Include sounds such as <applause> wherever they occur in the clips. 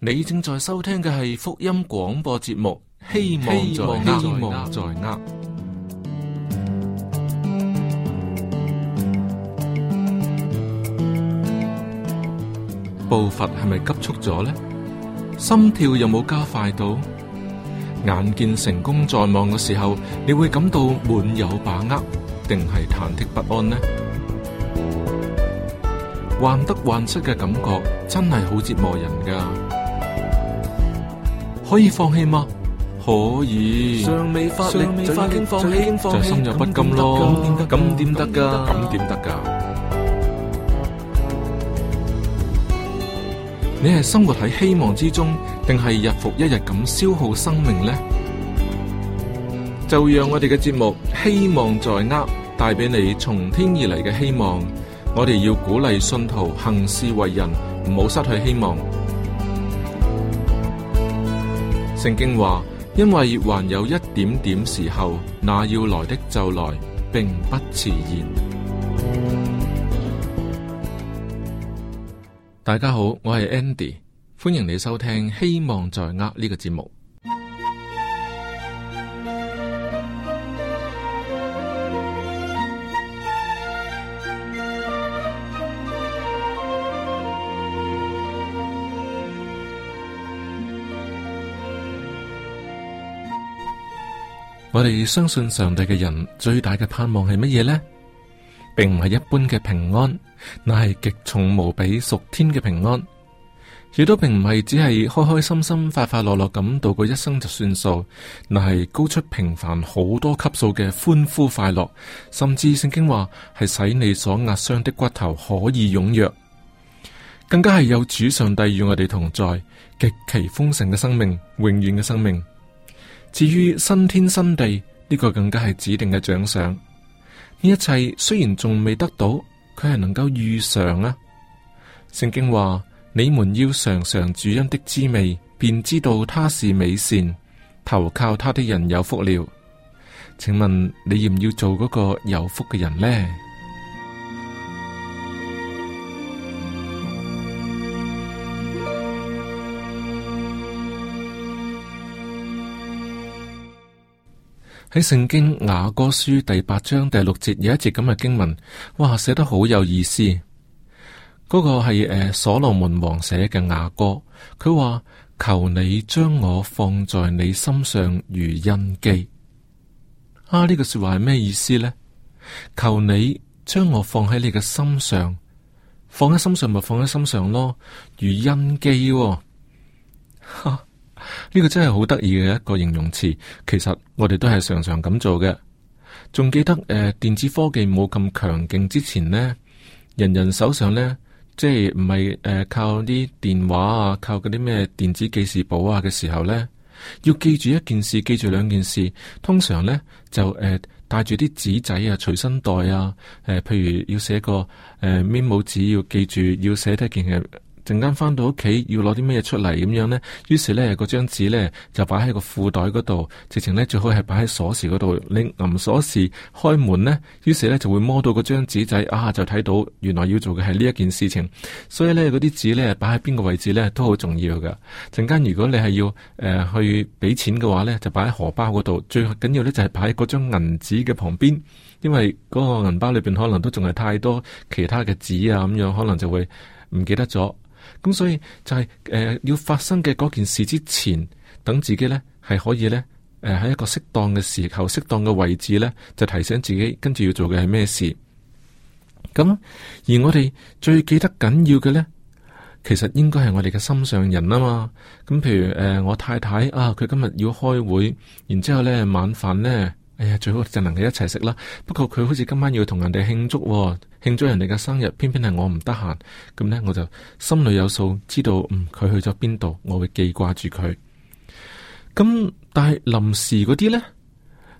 你正在收聽嘅係福音廣播節目，希望在希望在握。步伐係咪急促咗呢？心跳有冇加快到？眼見成功在望嘅時候，你會感到滿有把握，定係忐忑不安呢？患得患失嘅感覺真係好折磨人噶。可以放棄嗎？可以，就應放棄，就心有不甘咯。咁點得？咁點得噶？咁點得噶？你係生活喺希望之中，定係日復一日咁消耗生命呢？就讓我哋嘅節目希望在握，帶俾你從天而嚟嘅希望。我哋要鼓勵信徒行事為人，唔好失去希望。聖經話：因為還有一點點時候，那要來的就來，並不遲延。大家好，我係 Andy，歡迎你收聽《希望在握》呢個節目。我哋相信上帝嘅人最大嘅盼望係乜嘢呢？並唔係一般嘅平安，乃係極重無比屬天嘅平安。亦都並唔係只係開開心心、快快樂樂咁度過一生就算數，乃係高出平凡好多級數嘅歡呼快樂。甚至聖經話係使你所壓傷的骨頭可以踴躍，更加係有主上帝與我哋同在，極其豐盛嘅生命，永遠嘅生命。至於新天新地呢，這個更加係指定嘅獎賞，呢一切雖然仲未得到，佢係能夠預嘗啊！聖經話：你們要嘗嘗主恩的滋味，便知道他是美善，投靠他的人有福了。請問你要唔要做嗰個有福嘅人呢？喺聖經雅歌書第八章第六節有一節咁嘅經文，哇，寫得好有意思。嗰、那個係誒、呃、所羅門王寫嘅雅歌，佢話，求你將我放在你心上如印記。啊，呢、這個說話係咩意思呢？「求你將我放喺你嘅心上，放喺心上咪放喺心上咯，如印記、哦。哈。 <laughs> 呢個真係好得意嘅一個形容詞，其實我哋都係常常咁做嘅。仲記得誒、呃，電子科技冇咁強勁之前呢，人人手上呢，即係唔係誒，靠啲電話啊，靠嗰啲咩電子記事簿啊嘅時候呢，要記住一件事，記住兩件事，通常呢，就誒、呃、帶住啲紙仔啊，隨身袋啊，誒、呃，譬如要寫個誒 memo 紙，要記住要寫睇件嘅。陣間翻到屋企要攞啲咩嘢出嚟咁樣呢？於是呢，嗰張紙呢就擺喺個褲袋嗰度，直情呢，最好係擺喺鎖匙嗰度，拎銀鎖匙開門呢。於是呢，就會摸到嗰張紙仔，啊就睇到原來要做嘅係呢一件事情，所以呢，嗰啲紙呢，擺喺邊個位置呢，都好重要㗎。陣間如果你係要誒、呃、去俾錢嘅話呢，就擺喺荷包嗰度，最緊要呢，就係擺喺嗰張銀紙嘅旁邊，因為嗰個銀包裏邊可能都仲係太多其他嘅紙啊咁樣，可能就會唔記得咗。咁所以就係、是、誒、呃、要發生嘅嗰件事之前，等自己呢係可以呢誒喺、呃、一個適當嘅時候、適當嘅位置呢，就提醒自己跟住要做嘅係咩事。咁而我哋最記得緊要嘅呢，其實應該係我哋嘅心上人啊嘛。咁、嗯、譬如誒、呃、我太太啊，佢今日要開會，然之後呢晚飯呢。哎呀，最好就能夠一齊食啦。不過佢好似今晚要同人哋慶祝、哦，慶祝人哋嘅生日，偏偏係我唔得閒。咁呢，我就心裏有數，知道嗯佢去咗邊度，我會記掛住佢。咁但係臨時嗰啲呢？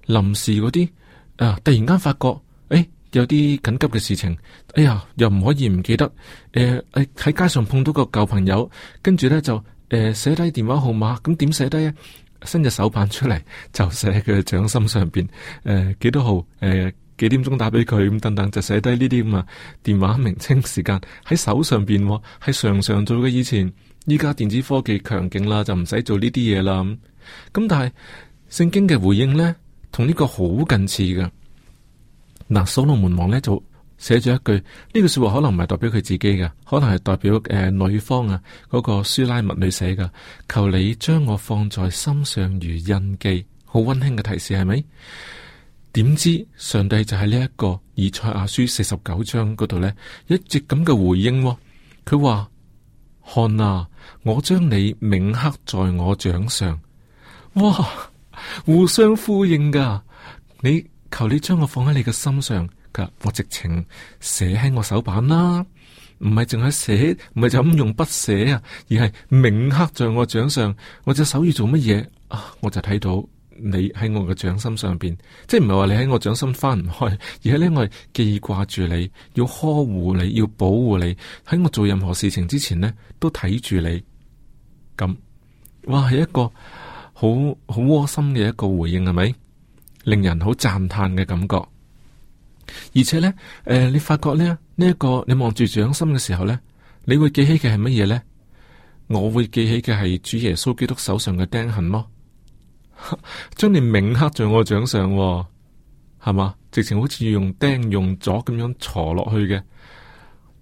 臨時嗰啲啊，突然間發覺，哎、欸，有啲緊急嘅事情。哎呀，又唔可以唔記得。誒、欸、喺、欸、街上碰到個舊朋友，跟住呢就誒寫低電話號碼。咁點寫低啊？伸隻手板出嚟，就寫佢掌心上邊。誒、呃、幾多號誒、呃、幾點鐘打俾佢，咁等等，就寫低呢啲咁啊電話名稱時間喺手上邊。喺、哦、常常做嘅，以前，依家電子科技強勁啦，就唔使做呢啲嘢啦。咁咁但係聖經嘅回應呢，同呢個好近似噶。嗱，所羅門王呢，就。寫咗一句呢句、這個、說話可能唔係代表佢自己嘅，可能係代表誒、呃、女方啊嗰、那個書拉密女寫嘅，求你將我放在心上如印記，好溫馨嘅提示係咪？點知上帝就喺呢一個以賽亞書四十九章嗰度呢，一直咁嘅回應、哦，佢話：看啊，我將你銘刻在我掌上。哇，互相呼應噶，你求你將我放喺你嘅心上。我直情寫喺我手板啦，唔係淨係寫，唔係就咁用筆寫啊，而係銘刻在我掌上。我隻手要做乜嘢啊？我就睇到你喺我嘅掌心上面，即係唔係話你喺我掌心翻唔開，而係呢，我係記掛住你，要呵護你，要保護你。喺我做任何事情之前呢，都睇住你。咁，哇，係一個好好窩心嘅一個回應，係咪？令人好讚嘆嘅感覺。而且咧，誒、呃，你發覺呢，呢、這、一個你望住掌心嘅時候咧，你會記起嘅係乜嘢咧？我會記起嘅係主耶穌基督手上嘅釘痕咯， <laughs> 將你銘刻在我掌上，哦，係嘛？直情好似要用釘用咗咁樣坐落去嘅，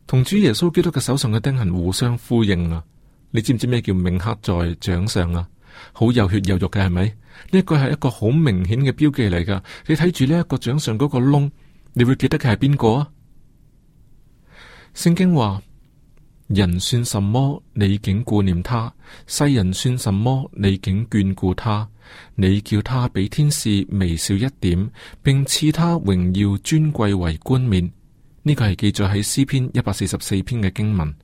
同主耶穌基督嘅手上嘅釘痕互相呼應啊！你知唔知咩叫銘刻在掌上啊？好有血有肉嘅係咪？呢、這個係一個好明顯嘅標記嚟噶。你睇住呢一個掌上嗰個窿。你會記得佢係邊個啊？聖經話：人算什麼，你竟顧念他；世人算什麼，你竟眷顧他？你叫他比天使微小一點，並賜他榮耀尊貴為冠冕。呢個係記載喺詩篇一百四十四篇嘅經文。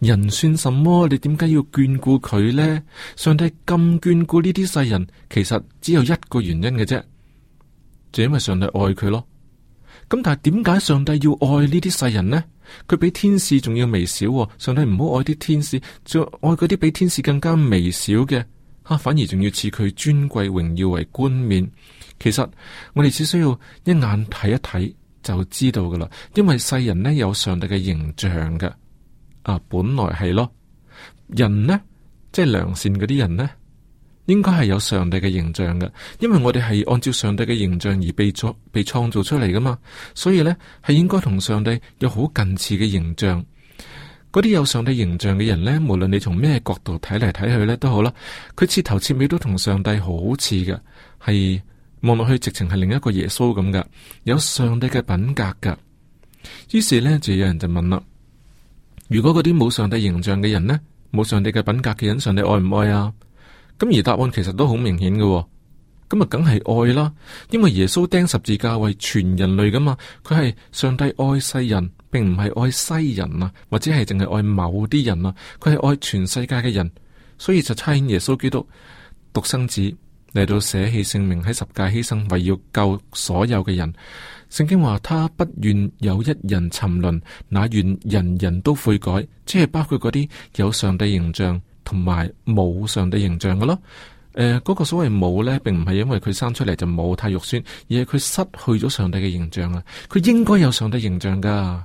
人算什麼？你點解要眷顧佢呢？上帝咁眷顧呢啲世人，其實只有一個原因嘅啫，就因為上帝愛佢咯。咁但係點解上帝要愛呢啲世人呢？佢比天使仲要微小。哦，上帝唔好愛啲天使，就愛嗰啲比天使更加微小嘅，啊，反而仲要賜佢尊貴榮耀為冠冕。其實我哋只需要一眼睇一睇就知道噶啦，因為世人呢有上帝嘅形象嘅，啊，本來係咯，人呢即係良善嗰啲人呢？應該係有上帝嘅形象嘅，因為我哋係按照上帝嘅形象而被造、被創造出嚟噶嘛，所以呢，係應該同上帝有好近似嘅形象。嗰啲有上帝形象嘅人呢，無論你從咩角度睇嚟睇去呢，都好啦，佢徹頭徹尾都同上帝好似嘅，係望落去直情係另一個耶穌咁噶，有上帝嘅品格噶。於是呢，就有人就問啦：如果嗰啲冇上帝形象嘅人呢，冇上帝嘅品格嘅人，上帝愛唔愛啊？咁而答案其實都好明顯嘅、哦，咁啊梗係愛啦，因為耶穌釘十字架為全人類噶嘛，佢係上帝愛世人，並唔係愛西人啊，或者係淨係愛某啲人啊，佢係愛全世界嘅人，所以就差遣耶穌基督獨生子嚟到捨棄性命喺十界犧牲，為要救所有嘅人。聖經話他不願有一人沉淪，乃願人人都悔改，即係包括嗰啲有上帝形象。同埋冇上帝形象嘅咯，誒、呃，嗰、那個所謂冇咧，並唔係因為佢生出嚟就冇太肉酸，而係佢失去咗上帝嘅形象啊！佢應該有上帝形象噶，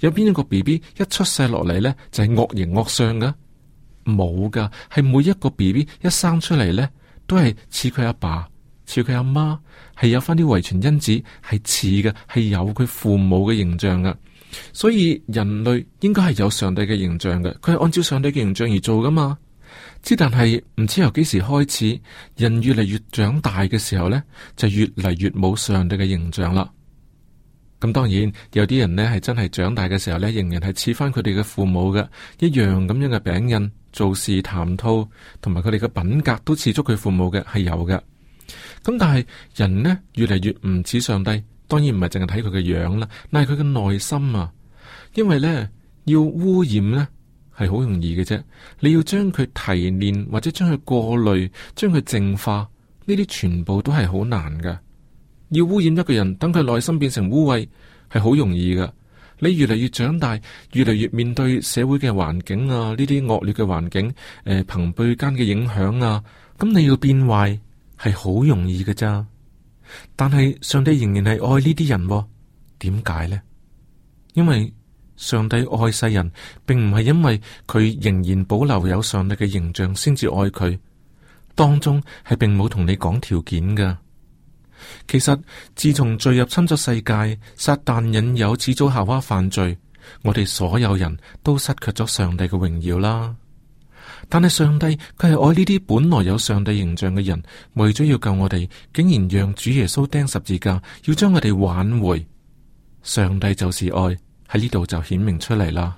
有邊一個 B B 一出世落嚟咧就係、是、惡形惡相噶，冇噶，係每一個 B B 一生出嚟咧都係似佢阿爸似佢阿媽，係有返啲遺傳因子係似嘅，係有佢父母嘅形象噶。所以人類應該係有上帝嘅形象嘅，佢係按照上帝嘅形象而做噶嘛。之但係唔知由幾時開始，人越嚟越長大嘅時候呢，就越嚟越冇上帝嘅形象啦。咁當然有啲人呢係真係長大嘅時候呢，仍然係似翻佢哋嘅父母嘅，一樣咁樣嘅餅印，做事談吐同埋佢哋嘅品格都似足佢父母嘅，係有嘅。咁但係人呢，越嚟越唔似上帝。當然唔係淨係睇佢嘅樣啦，但係佢嘅內心啊，因為呢，要污染呢，係好容易嘅啫。你要將佢提煉或者將佢過濾、將佢淨化，呢啲全部都係好難㗎。要污染一個人，等佢內心變成污穢，係好容易㗎。你越嚟越長大，越嚟越面對社會嘅環境啊，呢啲惡劣嘅環境，誒、呃，朋輩間嘅影響啊，咁你要變壞係好容易嘅咋。但係上帝仍然係愛呢啲人。哦，點解呢？因為上帝愛世人，並唔係因為佢仍然保留有上帝嘅形象先至愛佢，當中係並冇同你講條件噶其實自從罪入侵咗世界，撒旦引誘始祖夏娃犯罪，我哋所有人都失卻咗上帝嘅榮耀啦。但係上帝佢係愛呢啲本來有上帝形象嘅人，為咗要救我哋，竟然讓主耶穌釘十字架，要將我哋挽回。上帝就是愛，喺呢度就顯明出嚟啦。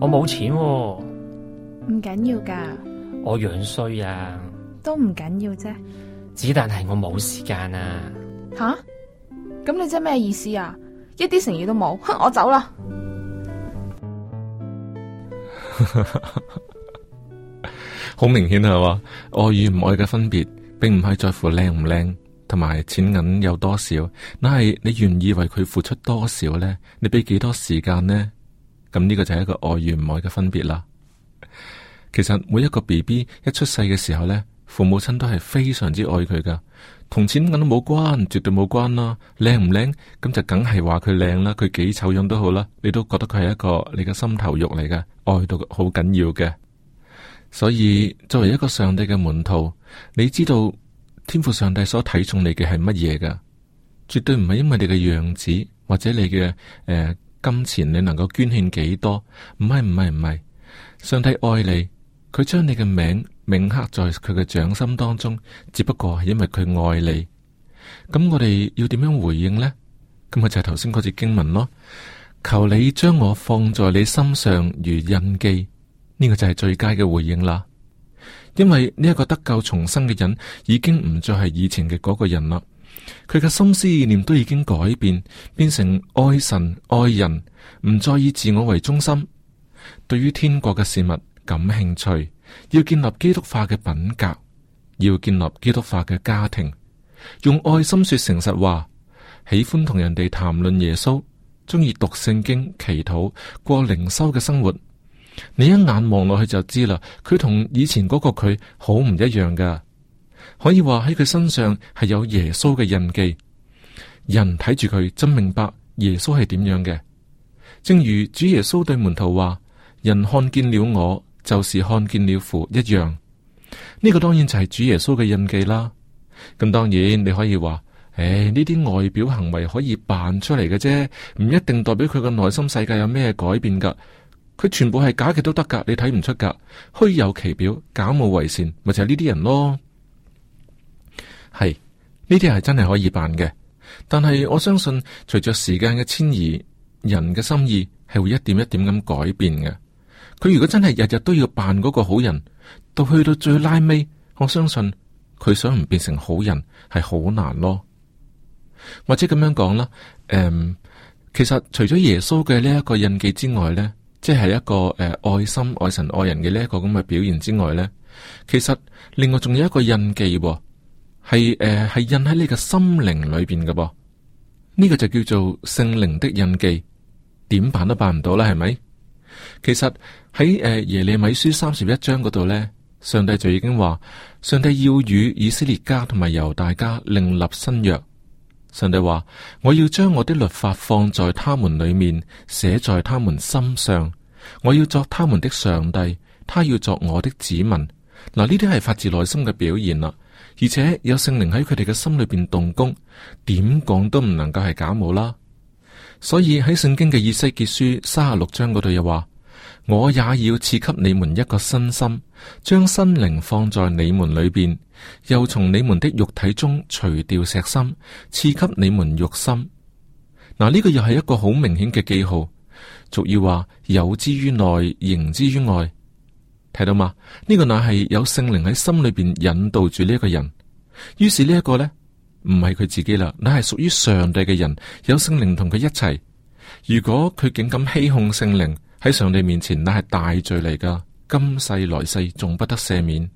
我冇錢啊，唔緊要噶。我樣衰啊！都唔緊要啫，只但係我冇時間啊！吓、啊，咁你即係咩意思啊？一啲誠意都冇，哼，我走啦！好 <laughs> 明顯係嘛，愛與唔愛嘅分別，並唔係在乎靚唔靚，同埋錢銀有多少，乃係你願意為佢付出多少，多少呢？你俾幾多時間呢？咁呢個就係一個愛與唔愛嘅分別啦。其實每一個 B B 一出世嘅時候呢。父母親都係非常之愛佢噶同錢銀都冇關，絕對冇關啦。靚唔靚咁就梗係話佢靚啦，佢幾醜樣都好啦，你都覺得佢係一個你嘅心頭肉嚟嘅，愛到好緊要嘅。所以作為一個上帝嘅門徒，你知道天父上帝所睇重你嘅係乜嘢嘅？絕對唔係因為你嘅樣子或者你嘅誒、呃、金錢，你能夠捐獻幾多？唔係唔係唔係，上帝愛你，佢將你嘅名。銘刻在佢嘅掌心當中，只不過係因為佢愛你。咁我哋要點樣回應咧？咁咪就係頭先嗰節經文咯。求你將我放在你心上如印記，呢個就係最佳嘅回應啦。因為呢一個得救重生嘅人，已經唔再係以前嘅嗰個人啦。佢嘅心思意念都已經改變，變成愛神愛人，唔再以自我為中心，對於天國嘅事物感興趣。要建立基督化嘅品格，要建立基督化嘅家庭，用愛心說誠實話，喜歡同人哋談論耶穌，中意讀聖經、祈禱、過靈修嘅生活。你一眼望落去就知啦，佢同以前嗰個佢好唔一樣噶。可以話喺佢身上係有耶穌嘅印記。人睇住佢真明白耶穌係點樣嘅。正如主耶穌對門徒話：人看見了我。就是看見了符一樣，呢個當然就係主耶穌嘅印記啦。咁當然你可以話，誒，呢啲外表行為可以扮出嚟嘅啫，唔一定代表佢嘅內心世界有咩改變噶。佢全部係假嘅都得噶，你睇唔出噶，虛有其表，假冒為善，咪就係呢啲人咯。係呢啲係真係可以扮嘅，但係我相信隨著時間嘅遷移，人嘅心意係會一點一點咁改變嘅。佢如果真係日日都要扮嗰個好人，到去到最拉尾，我相信佢想唔變成好人係好難咯。或者咁樣講啦，誒、嗯，其實除咗耶穌嘅呢一個印記之外咧，即係一個誒、呃、愛心、愛神、愛人嘅呢一個咁嘅表現之外咧，其實另外仲有一個印記，係誒係印喺你嘅心靈裏邊嘅噃。呢、這個就叫做聖靈的印記，點扮都扮唔到啦，係咪？其實喺誒耶利米書三十一章嗰度呢，上帝就已經話，上帝要與以色列家同埋猶大家另立新約。上帝話：我要將我的律法放在他們裏面，寫在他們心上。我要作他們的上帝，他要作我的子民。嗱，呢啲係發自內心嘅表現啦，而且有聖靈喺佢哋嘅心裏邊動工，點講都唔能夠係假冒啦。所以喺聖經嘅以西結書三十六章嗰度又話，我也要賜給你們一個新心，將心靈放在你們裏邊，又從你們的肉體中除掉石心，賜給你們肉心。嗱，呢個又係一個好明顯嘅記號，俗語話有之於內，形之於外。睇到嗎？呢、這個乃係有聖靈喺心裏邊引導住呢一個人，於是呢一個呢。唔係佢自己啦，乃係屬於上帝嘅人，有聖靈同佢一齊。如果佢竟敢欺哄聖靈，喺上帝面前，乃係大罪嚟噶，今世來世仲不得赦免。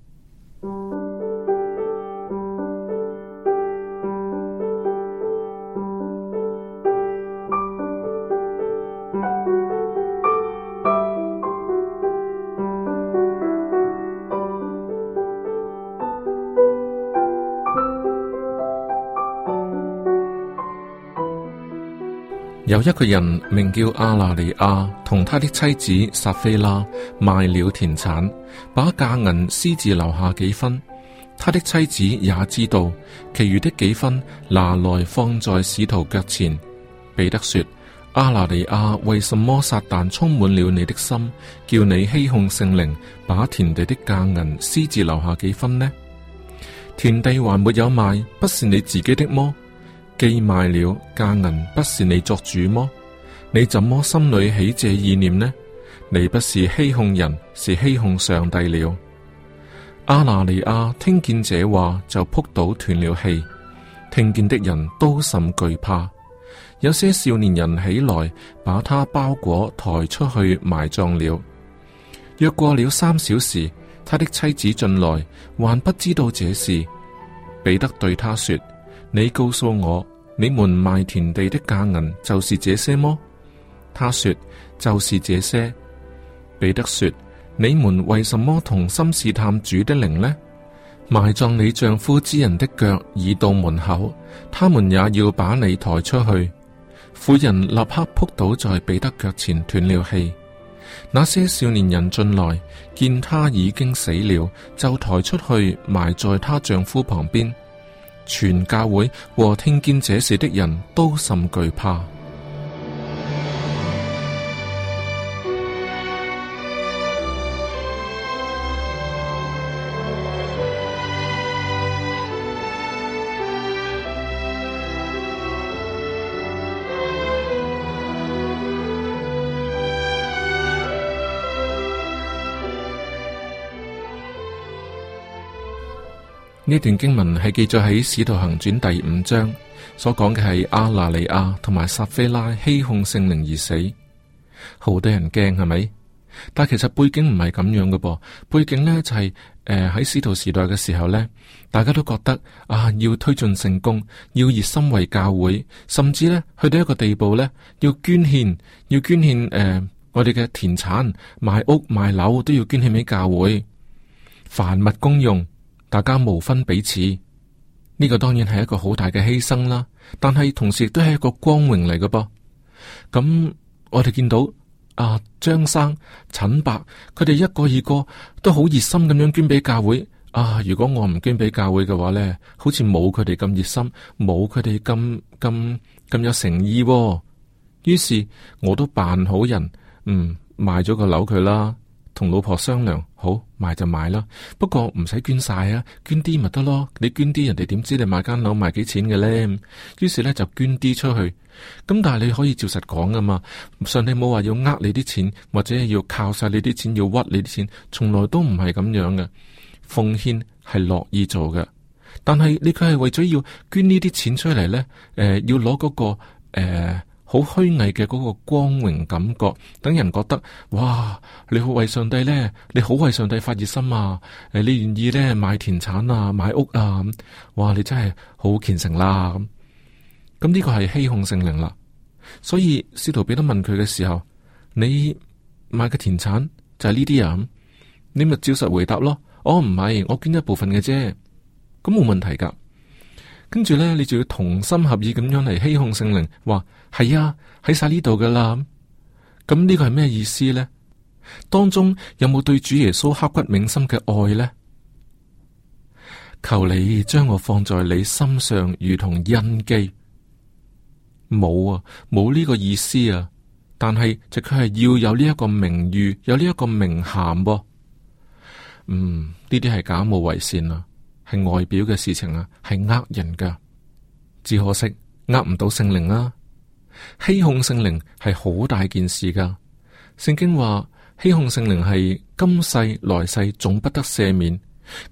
有一個人名叫亞拿尼亞，同他的妻子撒菲拉賣了田產，把價銀私自留下幾分。他的妻子也知道，其餘的幾分拿來放在使徒腳前。彼得說：亞拿尼亞，為什麼撒旦充滿了你的心，叫你欺哄聖靈，把田地的價銀私自留下幾分呢？田地還沒有賣，不是你自己的麼？既賣了，價銀，不是你作主麼？你怎麼心裏起這意念呢？你不是欺哄人，是欺哄上帝了。亞拿尼亞聽見這話就撲倒斷了氣，聽見的人都甚懼怕。有些少年人起來，把他包裹抬出去埋葬了。約過了三小時，他的妻子進來，還不知道這事。彼得對他說。你告訴我，你們賣田地的價銀就是這些麼？他說：就是這些。彼得說：你們為什麼同心試探主的靈呢？埋葬你丈夫之人的腳已到門口，他們也要把你抬出去。婦人立刻撲倒在彼得腳前，斷了氣。那些少年人進來，見他已經死了，就抬出去，埋在他丈夫旁邊。全教會和聽見這事的人都甚懼怕。呢段經文係記載喺《使徒行傳》第五章，所講嘅係阿拿利亞同埋撒非拉欺哄聖靈而死，好多人驚係咪？但其實背景唔係咁樣嘅噃，背景呢就係誒喺使徒時代嘅時候呢，大家都覺得啊，要推進聖工，要熱心為教會，甚至呢去到一個地步呢，要捐獻，要捐獻誒、呃、我哋嘅田產、賣屋、賣樓，賣樓都要捐獻俾教會，凡物公用。大家無分彼此，呢個當然係一個好大嘅犧牲啦。但係同時亦都係一個光榮嚟嘅噃。咁我哋見到啊張生、陳伯，佢哋一個二個都好熱心咁樣捐俾教會啊。如果我唔捐俾教會嘅話呢，好似冇佢哋咁熱心，冇佢哋咁咁咁有誠意、哦。於是我都扮好人，嗯，賣咗個樓佢啦。同老婆商量，好賣就賣啦，不過唔使捐晒啊，捐啲咪得咯。你捐啲，人哋點知你買間樓賣幾錢嘅咧？於是咧就捐啲出去。咁但係你可以照實講噶嘛，上你冇話要呃你啲錢，或者係要靠晒你啲錢，要屈你啲錢，從來都唔係咁樣嘅。奉獻係樂意做嘅，但係你佢係為咗要捐呢啲錢出嚟，咧，誒、呃，要攞嗰、那個誒。呃好虛偽嘅嗰個光榮感覺，等人覺得哇，你好為上帝咧，你好為上帝發熱心啊！誒，你願意咧買田產啊，買屋啊？哇，你真係好虔誠啦！咁咁呢個係欺哄聖靈啦。所以使徒彼得問佢嘅時候，你買嘅田產就係呢啲人，你咪照實回答咯。我唔係，我捐一部分嘅啫，咁冇問題噶。跟住咧，你就要同心合意咁樣嚟欺哄聖靈，話係啊喺晒呢度噶啦。咁呢個係咩意思呢？當中有冇對主耶穌刻骨銘心嘅愛呢？求你將我放在你心上，如同印記。冇啊，冇呢個意思啊。但係就佢係要有呢一個名譽，有呢一個名銜啊。嗯，呢啲係假冒為善啊！係外表嘅事情啊，係呃人噶。只可惜呃唔到聖靈啦。欺哄聖靈係好大件事噶。聖經話欺哄聖靈係今世來世總不得赦免。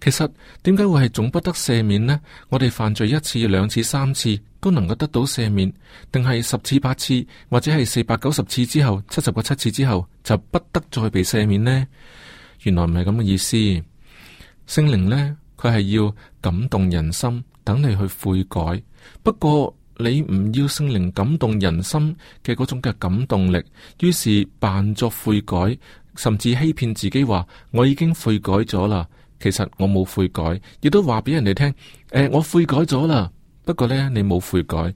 其實點解會係總不得赦免呢？我哋犯罪一次、兩次、三次都能夠得到赦免，定係十次、八次或者係四百九十次之後，七十個七次之後就不得再被赦免呢？原來唔係咁嘅意思，聖靈呢？佢係要感動人心，等你去悔改。不過你唔要聖靈感動人心嘅嗰種嘅感動力，於是扮作悔改，甚至欺騙自己話我已經悔改咗啦。其實我冇悔改，亦都話俾人哋聽，誒、欸，我悔改咗啦。不過呢，你冇悔改，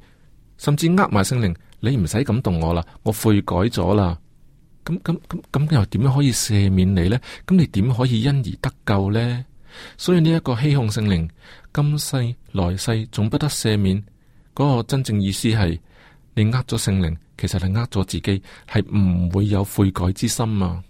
甚至呃埋聖靈，你唔使感動我啦，我悔改咗啦。咁咁咁咁又點樣可以赦免你呢？咁你點可以因而得救呢？所以呢一個欺哄聖靈，今世來世總不得赦免。嗰、那個真正意思係，你呃咗聖靈，其實係呃咗自己，係唔會有悔改之心啊！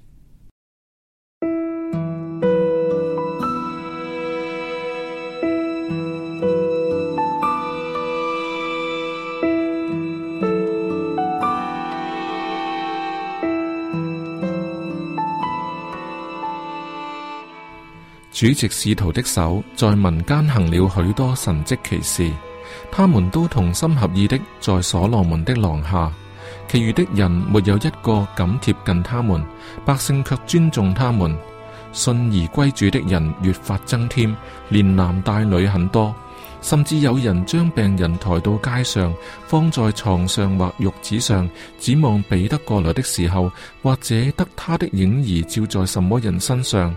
主藉使徒的手在民間行了許多神蹟奇事，他們都同心合意的在所羅門的廊下，其餘的人沒有一個敢貼近他們，百姓卻尊重他們，信而歸主的人越發增添，連男帶女很多，甚至有人將病人抬到街上，放在床上或褥子上，指望彼得過來的時候，或者得他的影兒照在什麼人身上。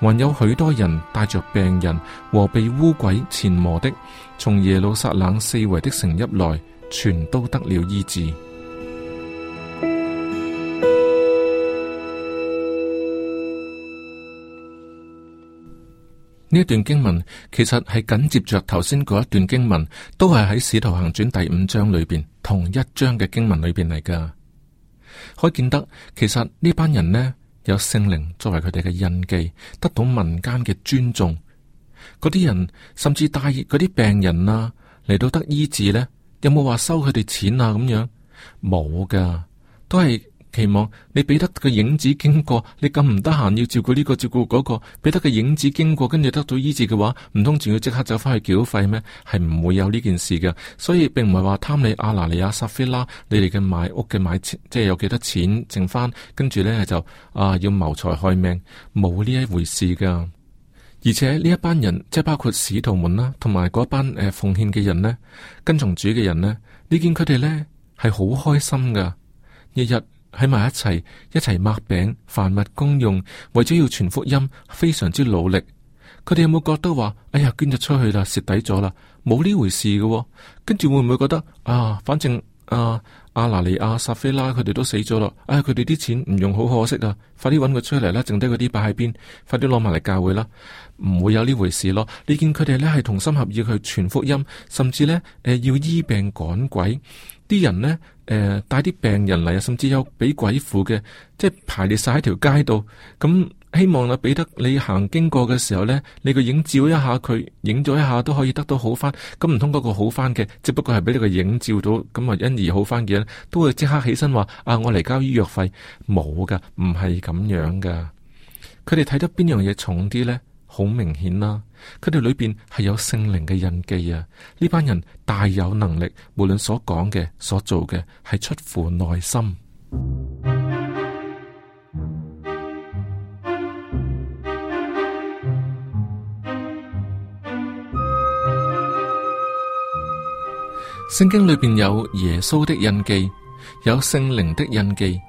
還有許多人帶着病人和被污鬼纏磨的，從耶路撒冷四圍的城邑來，全都得了醫治。呢一 <music> 段經文其實係緊接着頭先嗰一段經文，都係喺《使徒行傳》第五章裏邊同一章嘅經文裏邊嚟噶。可以見得其實呢班人呢。有聖靈作為佢哋嘅印記，得到民間嘅尊重。嗰啲人，甚至帶嗰啲病人啊嚟到得,得醫治咧，有冇話收佢哋錢啊？咁樣冇噶，都係。希望你俾得個影子經過，你咁唔得閒要照顧呢個照顧嗰個，俾得個影子經過，跟住得到醫治嘅話，唔通仲要即刻走翻去繳費咩？係唔會有呢件事嘅，所以並唔係話貪你亞拿尼亞、撒菲拉你哋嘅買屋嘅買錢，即係有幾多錢剩翻，跟住呢，就啊要謀財害命，冇呢一回事噶。而且呢一班人即係包括使徒們啦，同埋嗰班誒奉獻嘅人呢，跟從主嘅人呢，呢見佢哋呢，係好開心噶，日日喺埋一齊，一齊擘餅，凡物公用，為咗要傳福音，非常之努力。佢哋有冇覺得話：哎呀，捐咗出去啦，蝕底咗啦，冇呢回事嘅，哦。跟住會唔會覺得啊，反正啊，亞拿尼亞、撒非拉，佢哋都死咗啦。哎、啊，佢哋啲錢唔用，好可惜啊！快啲揾佢出嚟啦，剩低嗰啲擺喺邊，快啲攞埋嚟教會啦，唔會有呢回事咯。你見佢哋呢係同心合意去傳福音，甚至呢，誒要醫病趕鬼，啲人咧。誒，帶啲、呃、病人嚟啊，甚至有俾鬼附嘅，即係排列晒喺條街度。咁希望啊，俾得你行經過嘅時候咧，你個影照一下佢，影咗一下都可以得到好翻。咁唔通嗰個好翻嘅，只不過係俾你個影照到，咁啊因而好翻嘅人，都會即刻起身話：啊，我嚟交醫藥費冇噶，唔係咁樣噶。佢哋睇得邊樣嘢重啲咧？好明顯啦，佢哋裏邊係有聖靈嘅印記啊！呢班人大有能力，無論所講嘅、所做嘅，係出乎內心。聖經裏邊有耶穌的印記，有聖靈的印記，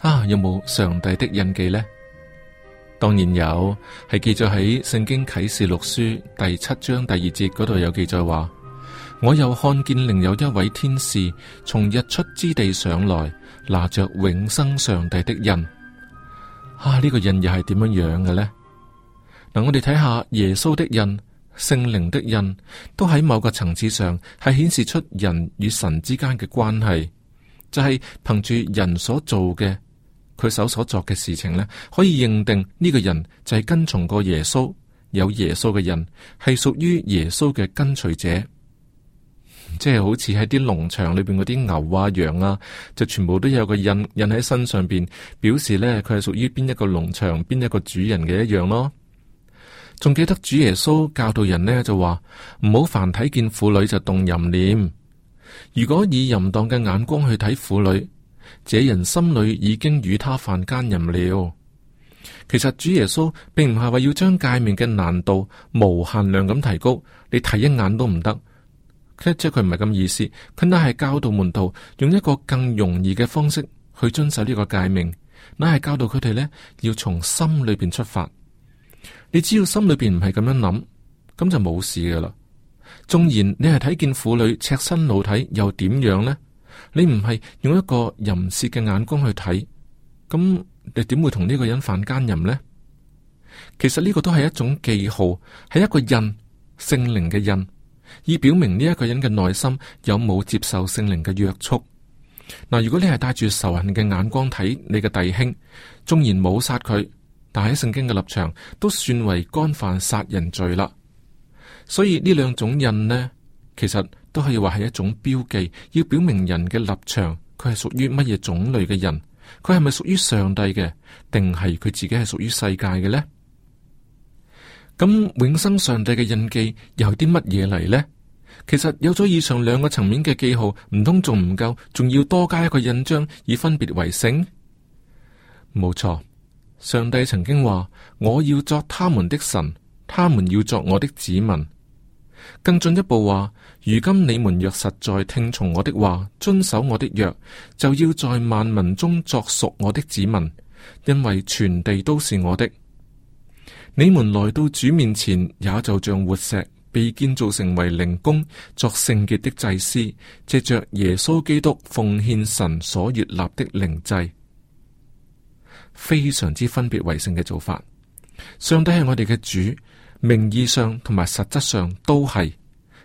啊，有冇上帝的印記呢？當然有，係記載喺《聖經啟示錄》書第七章第二節嗰度有記載話，我又看見另有一位天使從日出之地上來，拿着永生上帝的印。啊，呢、這個印又係點樣樣嘅呢？嗱，我哋睇下耶穌的印、聖靈的印，都喺某個層次上係顯示出人與神之間嘅關係，就係、是、憑住人所做嘅。佢手所作嘅事情呢，可以認定呢個人就係跟從過耶穌，有耶穌嘅人係屬於耶穌嘅跟隨者，即係好似喺啲農場裏邊嗰啲牛啊、羊啊，就全部都有個印印喺身上邊，表示呢，佢係屬於邊一個農場、邊一個主人嘅一樣咯。仲記得主耶穌教導人呢，就話唔好凡睇見婦女就動淫念，如果以淫蕩嘅眼光去睇婦女。這人心裏已經與他犯姦淫了，哦。其實主耶穌並唔係話要將誡命嘅難度無限量咁提高，你睇一眼都唔得。即佢唔係咁意思，佢乃係教導門徒用一個更容易嘅方式去遵守呢個誡命，乃係教導佢哋呢，要從心裏邊出發。你只要心裏邊唔係咁樣諗，咁就冇事噶啦。縱然你係睇見婦女赤身露體，又點樣呢？你唔係用一個淫褻嘅眼光去睇，咁你點會同呢個人犯奸淫呢？其實呢個都係一種記號，係一個印，聖靈嘅印，以表明呢一個人嘅內心有冇接受聖靈嘅約束。嗱，如果你係帶住仇恨嘅眼光睇你嘅弟兄，縱然冇殺佢，但喺聖經嘅立場都算為干犯殺人罪啦。所以呢兩種印呢，其實。都可以話係一種標記，要表明人嘅立場，佢係屬於乜嘢種類嘅人，佢係咪屬於上帝嘅，定係佢自己係屬於世界嘅呢？咁永生上帝嘅印記又係啲乜嘢嚟呢？其實有咗以上兩個層面嘅記號，唔通仲唔夠，仲要多加一個印章以分別為聖？冇錯，上帝曾經話：我要作他們的神，他們要作我的子民。更進一步話，如今你們若實在聽從我的話，遵守我的約，就要在萬民中作屬我的子民，因為全地都是我的。你們來到主面前，也就像活石，被建造成為靈宮，作聖潔的祭司，借着耶穌基督奉獻神所悅納的靈祭。非常之分別為聖嘅做法，上帝係我哋嘅主。名義上同埋實質上都係，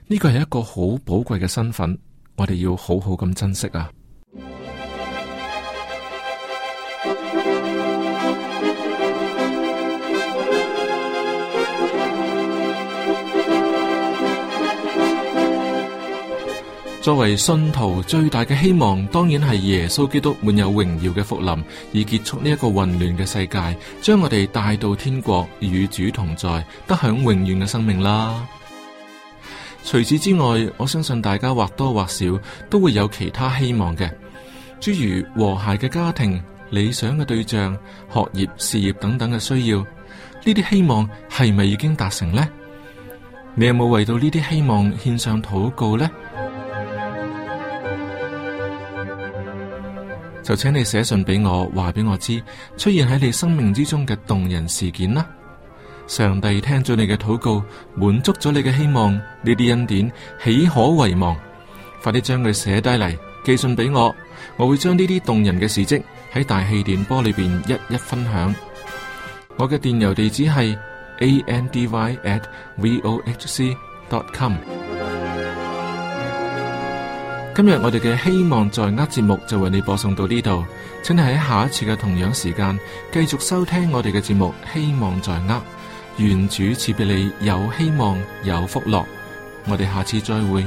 呢個係一個好寶貴嘅身份，我哋要好好咁珍惜啊！作為信徒最大嘅希望，當然係耶穌基督滿有榮耀嘅復臨，以結束呢一個混亂嘅世界，將我哋帶到天國，而與主同在，得享永遠嘅生命啦。除此之外，我相信大家或多或少都會有其他希望嘅，諸如和諧嘅家庭、理想嘅對象、學業、事業等等嘅需要。呢啲希望係咪已經達成呢？你有冇為到呢啲希望獻上禱告呢？就請你寫信俾我，話俾我知出現喺你生命之中嘅動人事件啦！上帝聽咗你嘅禱告，滿足咗你嘅希望，呢啲恩典豈可遺忘？快啲將佢寫低嚟寄信俾我，我會將呢啲動人嘅事蹟喺大氣電波裏邊一一分享。我嘅電郵地址係 andy at vohc dot com。今日我哋嘅希望在握節目就為你播送到呢度，請你喺下一次嘅同樣時間繼續收聽我哋嘅節目，希望在握，願主賜俾你有希望有福樂，我哋下次再會。